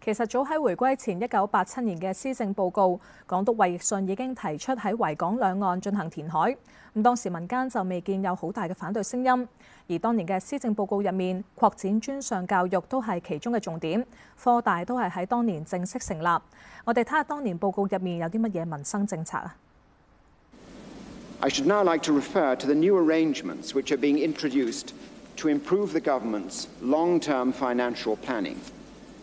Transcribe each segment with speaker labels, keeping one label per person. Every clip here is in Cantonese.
Speaker 1: 其實早喺回歸前一九八七年嘅施政報告，港督衛奕信已經提出喺維港兩岸進行填海。咁當時民間就未見有好大嘅反對聲音。而當年嘅施政報告入面，擴展專上教育都係其中嘅重點。科大都係喺當年正式成立。我哋睇下當年報告入面有啲乜嘢民生
Speaker 2: 政策啊？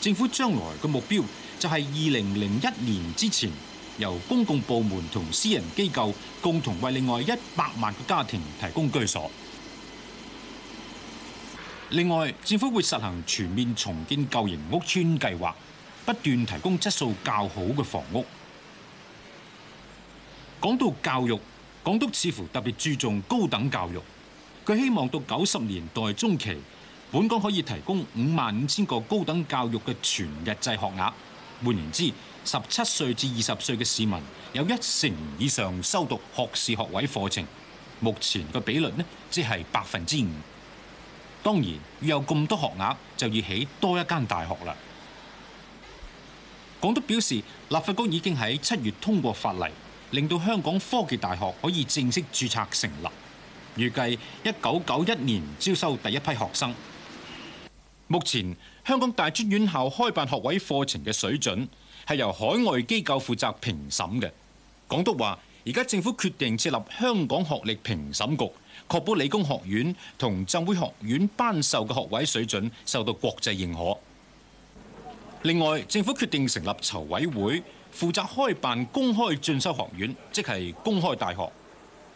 Speaker 3: 政府將來嘅目標就係二零零一年之前，由公共部門同私人機構共同為另外一百萬個家庭提供居所。另外，政府會實行全面重建舊型屋邨計劃，不斷提供質素較好嘅房屋。講到教育，港督似乎特別注重高等教育，佢希望到九十年代中期。本港可以提供五萬五千個高等教育嘅全日制學額，換言之，十七歲至二十歲嘅市民有一成以上修讀學士學位課程。目前個比率呢，即係百分之五。當然要有咁多學額，就要起多一間大學啦。港督表示，立法局已經喺七月通過法例，令到香港科技大學可以正式註冊成立，預計一九九一年招收第一批學生。目前香港大專院校開辦學位課程嘅水準係由海外機構負責評審嘅。港督話，而家政府決定設立香港學歷評審局，確保理工學院同浸會學院頒授嘅學位水準受到國際認可。另外，政府決定成立籌委會，負責開辦公開進修學院，即係公開大學。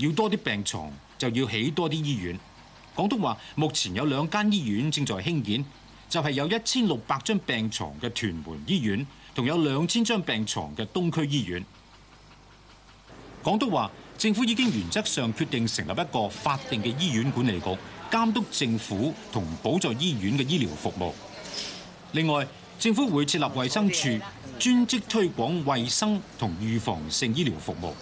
Speaker 3: 要多啲病床，就要起多啲醫院。港督話，目前有兩間醫院正在興建，就係、是、有一千六百張病床嘅屯門醫院，同有兩千張病床嘅東區醫院。港督話，政府已經原則上決定成立一個法定嘅醫院管理局，監督政府同補助醫院嘅醫療服務。另外，政府會設立衛生署，專職推廣衞生同預防性醫療服務。